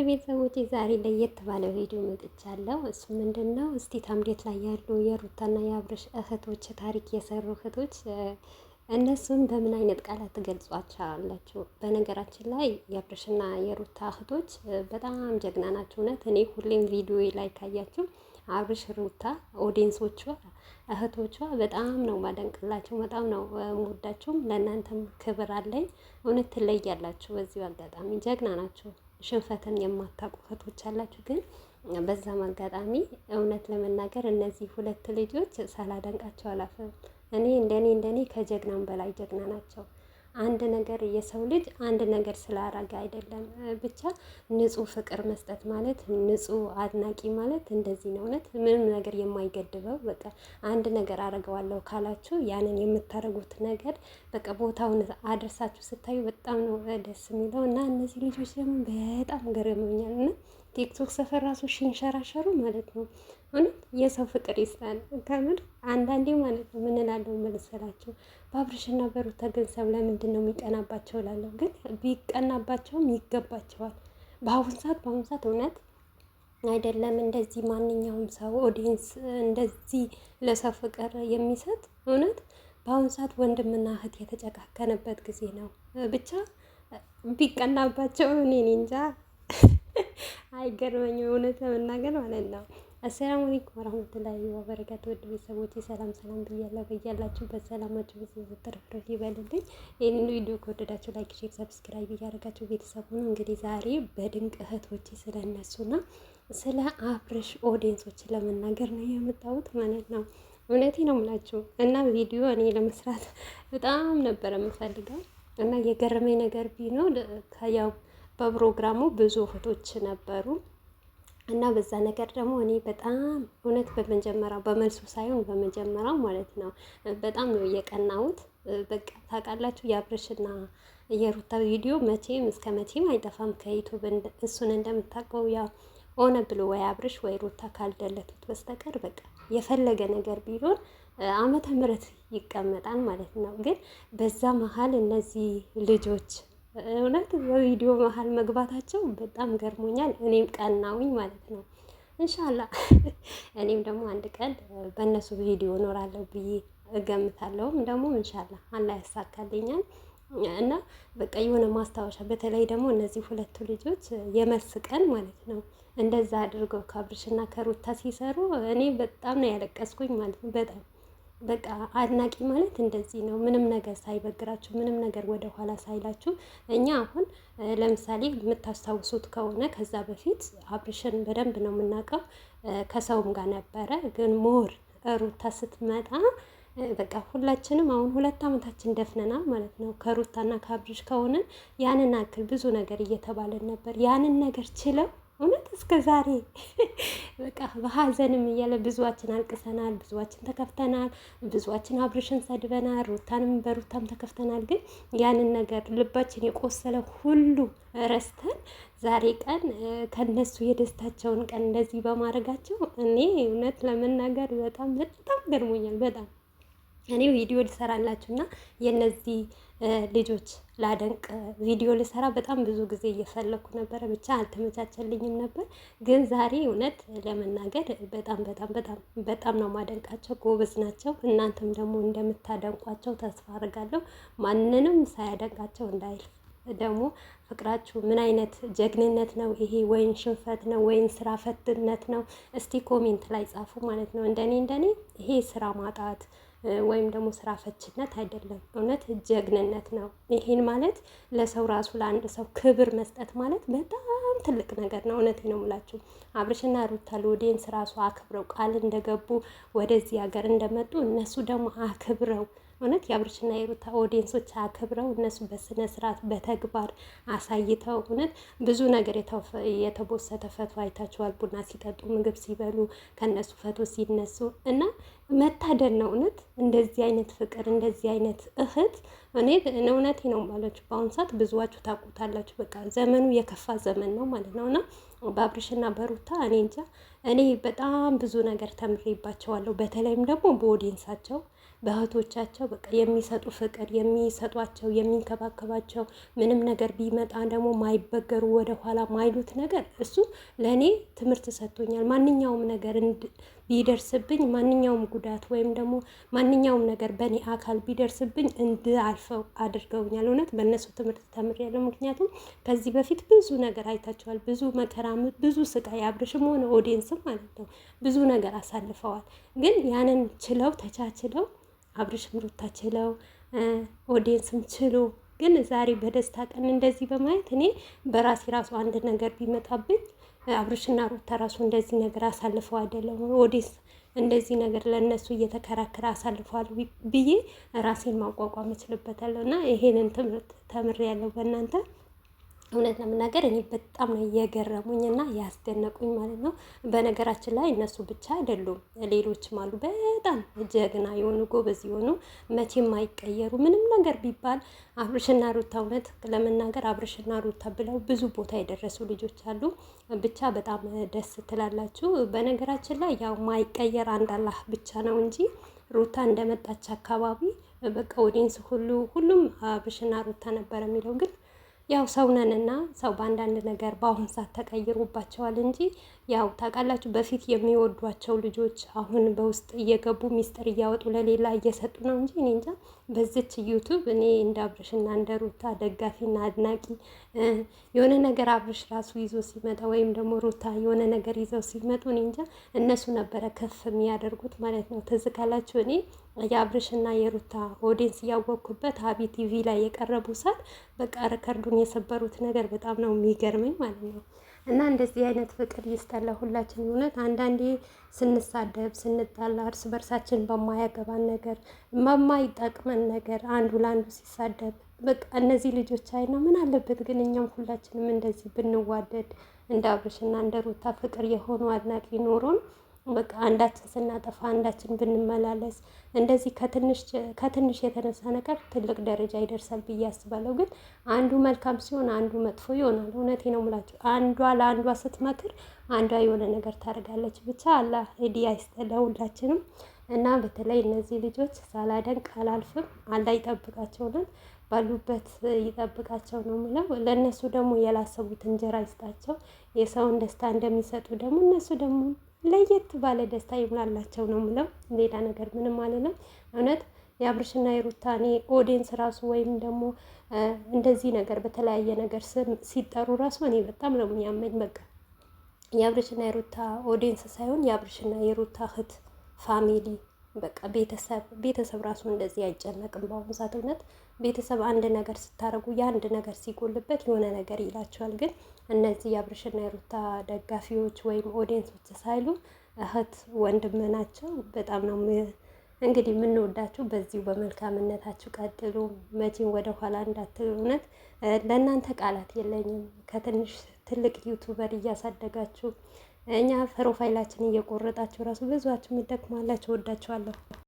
ውድ ቤተሰቦቼ ዛሬ ለየት ባለ ቪዲዮ መጥቻለሁ። እሱ ምንድን ነው? እስቲ ታምዴት ላይ ያሉ የሩታና የአብርሽ እህቶች ታሪክ የሰሩ እህቶች እነሱን በምን አይነት ቃላት ትገልጿቸዋላችሁ? በነገራችን ላይ የአብርሽና የሩታ እህቶች በጣም ጀግና ናቸው። እውነት እኔ ሁሌም ቪዲዮ ላይ ካያችሁ አብርሽ ሩታ ኦዲየንሶቿ እህቶቿ በጣም ነው ማደንቅላችሁ፣ በጣም ነው ወዳችሁም። ለእናንተም ክብር አለኝ። እውነት ትለያላችሁ። በዚሁ አጋጣሚ ጀግና ናቸው። ሽንፈትን የማታውቁ እህቶች አላችሁ። ግን በዛም አጋጣሚ እውነት ለመናገር እነዚህ ሁለት ልጆች ሳላደንቃቸው አላፍርም። እኔ እንደኔ እንደኔ ከጀግናም በላይ ጀግና ናቸው። አንድ ነገር የሰው ልጅ አንድ ነገር ስላረገ አይደለም። ብቻ ንጹህ ፍቅር መስጠት ማለት ንጹህ አድናቂ ማለት እንደዚህ ነው። እውነት ምንም ነገር የማይገድበው በቃ አንድ ነገር አረገዋለሁ ካላችሁ ያንን የምታደረጉት ነገር በቃ ቦታውን አድርሳችሁ ስታዩ በጣም ነው ደስ የሚለው እና እነዚህ ልጆች ደግሞ በጣም ገረመኛል እና ቲክቶክ ሰፈር ራሱ ሽንሸራሸሩ ማለት ነው። እውነት የሰው ፍቅር ይስጣል። ከምር አንዳንዴ ማለት ነው ምንላለው መልሰላቸው በአብርሽና በሩታ ገንዘብ ለምንድን ነው የሚቀናባቸው ላለሁ፣ ግን ቢቀናባቸውም ይገባቸዋል። በአሁን ሰዓት በአሁን ሰዓት እውነት አይደለም እንደዚህ ማንኛውም ሰው ኦዲየንስ እንደዚህ ለሰው ፍቅር የሚሰጥ እውነት በአሁን ሰዓት ወንድምና እህት የተጨካከነበት ጊዜ ነው። ብቻ ቢቀናባቸው እኔ እንጃ። አይገርመኝም እውነት ለመናገር ማለት ነው። አሰላሙ አለይኩም ወራህመቱላሂ ወበረካቱ ውድ ቤተሰቦች ሰላም ሰላም ብያለሁ። በያላችሁበት ሰላማችሁ ብዙ ተረፍረፍ ይበልልኝ። ይህንን ቪዲዮ ከወደዳችሁ ላይክ፣ ሼር፣ ሰብስክራይብ እያደረጋችሁ ቤተሰብ ሁኑ። እንግዲህ ዛሬ በድንቅ እህቶች ስለ እነሱና ስለ አብርሽ ኦዲየንሶች ለመናገር ነው የመጣሁት ማለት ነው። እውነቴ ነው የምላችሁ እና ቪዲዮ እኔ ለመስራት በጣም ነበረ የምፈልገው እና የገረመኝ ነገር ቢኖር ከያው በፕሮግራሙ ብዙ እህቶች ነበሩ እና በዛ ነገር ደግሞ እኔ በጣም እውነት በመጀመሪያው በመልሱ ሳይሆን በመጀመሪያው ማለት ነው በጣም ነው እየቀናሁት። በቃ ታውቃላችሁ የአብርሽና የሩታ ቪዲዮ መቼም እስከ መቼም አይጠፋም ከዩቱብ። እሱን እንደምታውቀው ያው ሆነ ብሎ ወይ አብርሽ ወይ ሩታ ካልደለቱት በስተቀር በቃ የፈለገ ነገር ቢሆን ዓመተ ምሕረት ይቀመጣል ማለት ነው። ግን በዛ መሀል እነዚህ ልጆች እውነት በቪዲዮ መሀል መግባታቸው በጣም ገርሞኛል። እኔም ቀናውኝ ማለት ነው። እንሻላ እኔም ደግሞ አንድ ቀን በእነሱ ቪዲዮ እኖራለሁ ብዬ እገምታለሁም ደግሞ እንሻላ አላ ያሳካልኛል። እና በቃ የሆነ ማስታወሻ በተለይ ደግሞ እነዚህ ሁለቱ ልጆች የመልስ ቀን ማለት ነው እንደዛ አድርገው ከብርሽና ከሩታ ሲሰሩ እኔ በጣም ነው ያለቀስኩኝ ማለት ነው በጣም በቃ አድናቂ ማለት እንደዚህ ነው። ምንም ነገር ሳይበግራችሁ፣ ምንም ነገር ወደ ኋላ ሳይላችሁ። እኛ አሁን ለምሳሌ የምታስታውሱት ከሆነ ከዛ በፊት አብርሽን በደንብ ነው የምናውቀው። ከሰውም ጋር ነበረ ግን ሞር ሩታ ስትመጣ በቃ ሁላችንም አሁን ሁለት ዓመታችን ደፍነናል ማለት ነው። ከሩታና ከአብርሽ ከሆነ ያንን አክል ብዙ ነገር እየተባለን ነበር። ያንን ነገር ችለው እስከ ዛሬ በቃ በሀዘንም እያለ ብዙዋችን አልቅሰናል፣ ብዙዋችን ተከፍተናል፣ ብዙዋችን አብርሽን ሰድበናል፣ ሩታንም በሩታም ተከፍተናል። ግን ያንን ነገር ልባችን የቆሰለ ሁሉ ረስተን ዛሬ ቀን ከነሱ የደስታቸውን ቀን እንደዚህ በማድረጋቸው እኔ እውነት ለመናገር በጣም በጣም ገርሞኛል በጣም እኔ ቪዲዮ ልሰራላችሁ እና የእነዚህ ልጆች ላደንቅ ቪዲዮ ልሰራ በጣም ብዙ ጊዜ እየፈለኩ ነበረ፣ ብቻ አልተመቻቸልኝም ነበር። ግን ዛሬ እውነት ለመናገር በጣም በጣም በጣም በጣም ነው ማደንቃቸው። ጎበዝ ናቸው። እናንተም ደግሞ እንደምታደንቋቸው ተስፋ አድርጋለሁ። ማንንም ሳያደንቃቸው እንዳይል ደግሞ ፍቅራችሁ ምን አይነት ጀግንነት ነው ይሄ? ወይም ሽንፈት ነው ወይም ስራ ፈትነት ነው? እስቲ ኮሜንት ላይ ጻፉ ማለት ነው። እንደኔ እንደኔ ይሄ ስራ ማጣት ወይም ደግሞ ስራ ፈችነት አይደለም፣ እውነት ጀግንነት ነው። ይሄን ማለት ለሰው ራሱ ለአንድ ሰው ክብር መስጠት ማለት በጣም ትልቅ ነገር ነው። እውነት ነው የምላችሁ አብርሽና ሩታ ሎዴንስ ራሱ አክብረው ቃል እንደገቡ ወደዚህ ሀገር እንደመጡ እነሱ ደግሞ አክብረው እውነት የአብርሽና የሩታ ኦዲየንሶች አክብረው እነሱ በስነ ስርዓት በተግባር አሳይተው እውነት ብዙ ነገር የተቦሰተ ፈቶ አይታችኋል። ቡና ሲጠጡ፣ ምግብ ሲበሉ ከነሱ ፈቶ ሲነሱ እና መታደል ነው እውነት እንደዚህ አይነት ፍቅር እንደዚህ አይነት እህት እኔ እውነቴ ነው ማለችሁ። በአሁኑ ሰዓት ብዙዋችሁ ታውቁታላችሁ። በቃ ዘመኑ የከፋ ዘመን ነው ማለት ነው እና በአብርሽና በሩታ እኔ እንጃ እኔ በጣም ብዙ ነገር ተምሬባቸዋለሁ። በተለይም ደግሞ በኦዲየንሳቸው በእህቶቻቸው በቃ የሚሰጡ ፍቅር የሚሰጧቸው የሚንከባከባቸው ምንም ነገር ቢመጣ ደግሞ ማይበገሩ ወደኋላ ማይሉት ነገር እሱ ለእኔ ትምህርት ሰጥቶኛል። ማንኛውም ነገር ቢደርስብኝ ማንኛውም ጉዳት ወይም ደግሞ ማንኛውም ነገር በእኔ አካል ቢደርስብኝ አልፈው አድርገውኛል። እውነት በእነሱ ትምህርት ተምሬያለሁ። ምክንያቱም ከዚህ በፊት ብዙ ነገር አይታቸዋል። ብዙ መከራ፣ ብዙ ስቃይ አብርሽም ሆነ ኦዲየንስም ማለት ነው ብዙ ነገር አሳልፈዋል። ግን ያንን ችለው ተቻችለው አብርሽም ሩታ ችለው ኦዲየንስም ችሎ ግን ዛሬ በደስታ ቀን እንደዚህ በማየት እኔ በራሴ ራሱ አንድ ነገር ቢመጣብኝ አብርሽና ሩታ ራሱ እንደዚህ ነገር አሳልፈው አይደለም ኦዲየንስ እንደዚህ ነገር ለእነሱ እየተከራከረ አሳልፈዋል ብዬ ራሴን ማቋቋም እችልበታለሁ እና ይሄንን ትምህርት ተምሬያለሁ በእናንተ እውነት ለመናገር እኔ በጣም ነው እየገረሙኝ እና ያስደነቁኝ ማለት ነው። በነገራችን ላይ እነሱ ብቻ አይደሉም፣ ሌሎችም አሉ በጣም ጀግና የሆኑ ጎበዝ የሆኑ መቼም አይቀየሩ። ምንም ነገር ቢባል አብርሽና ሩታ እውነት ለመናገር አብርሽና ሩታ ብለው ብዙ ቦታ የደረሱ ልጆች አሉ። ብቻ በጣም ደስ ትላላችሁ። በነገራችን ላይ ያው ማይቀየር አንድ አላህ ብቻ ነው እንጂ ሩታ እንደመጣች አካባቢ በቃ ወዲንስ ሁሉ ሁሉም አብርሽና ሩታ ነበር የሚለው ግን ያው ሰው እና ሰው በአንዳንድ ነገር በአሁን ሰዓት ተቀይሮባቸዋል እንጂ ያው ታውቃላችሁ፣ በፊት የሚወዷቸው ልጆች አሁን በውስጥ እየገቡ ሚስጥር እያወጡ ለሌላ እየሰጡ ነው እንጂ እኔ እንጃ። በዚች ዩቱብ እኔ እንደ አብርሽና እንደ ሩታ ደጋፊና አድናቂ የሆነ ነገር አብርሽ ራሱ ይዞ ሲመጣ ወይም ደግሞ ሩታ የሆነ ነገር ይዘው ሲመጡ እኔ እንጃ እነሱ ነበረ ከፍ የሚያደርጉት ማለት ነው። ትዝ ካላችሁ እኔ የአብርሽና የሩታ ኦዲንስ እያወቅኩበት ሀቢ ቲቪ ላይ የቀረቡ ሰዓት በቃ ረከርዱን የሰበሩት ነገር በጣም ነው የሚገርመኝ ማለት ነው። እና እንደዚህ አይነት ፍቅር ይስጠላ ሁላችን። እውነት አንዳንዴ ስንሳደብ ስንጣላ፣ እርስ በርሳችን በማያገባን ነገር በማይጠቅመን ነገር አንዱ ለአንዱ ሲሳደብ በቃ እነዚህ ልጆች አይና ምን አለበት ግን እኛም ሁላችንም እንደዚህ ብንዋደድ እንደ አብርሽና እንደ ሩታ ፍቅር የሆኑ አድናቂ ኖሮን በቃ አንዳችን ስናጠፋ አንዳችን ብንመላለስ እንደዚህ ከትንሽ የተነሳ ነገር ትልቅ ደረጃ ይደርሳል ብዬ አስባለሁ። ግን አንዱ መልካም ሲሆን አንዱ መጥፎ ይሆናል። እውነቴ ነው የምላችሁ። አንዷ ለአንዷ ስትመክር አንዷ የሆነ ነገር ታደርጋለች። ብቻ አላህ ሂዳያ ይስጠን ሁላችንም እና በተለይ እነዚህ ልጆች ሳላደንቅ አላልፍም። አላህ ይጠብቃቸውልን ባሉበት ይጠብቃቸው ነው ምለው። ለእነሱ ደግሞ ያላሰቡት እንጀራ ይስጣቸው። የሰውን ደስታ እንደሚሰጡ ደግሞ እነሱ ደግሞ ለየት ባለ ደስታ ይሙላላቸው ነው ምለው። ሌላ ነገር ምንም አልልም። እውነት የአብርሽና የሩታ እኔ ኦዲየንስ ራሱ ወይም ደግሞ እንደዚህ ነገር በተለያየ ነገር ስም ሲጠሩ ራሱ እኔ በጣም ነው የሚያመኝ። በቃ የአብርሽና የሩታ ኦዲየንስ ሳይሆን የአብርሽና የሩታ እህት ፋሚሊ በቃ ቤተሰብ ቤተሰብ ራሱ እንደዚህ አይጨነቅም። በአሁኑ ሰዓት እውነት ቤተሰብ አንድ ነገር ስታረጉ የአንድ ነገር ሲጎልበት የሆነ ነገር ይላቸዋል። ግን እነዚህ የአብርሽና የሩታ ደጋፊዎች ወይም ኦዲየንሶች ሳይሉ እህት ወንድም ናቸው። በጣም ነው እንግዲህ የምንወዳችሁ። በዚሁ በመልካምነታችሁ ቀጥሉ፣ መቼም ወደ ኋላ እንዳትሉ። እውነት ለእናንተ ቃላት የለኝም። ከትንሽ ትልቅ ዩቱበር እያሳደጋችሁ እኛ ፕሮፋይላችን እየቆረጣችሁ ራሱ ብዙችሁ የምትደክማላችሁ። ወዳችኋለሁ።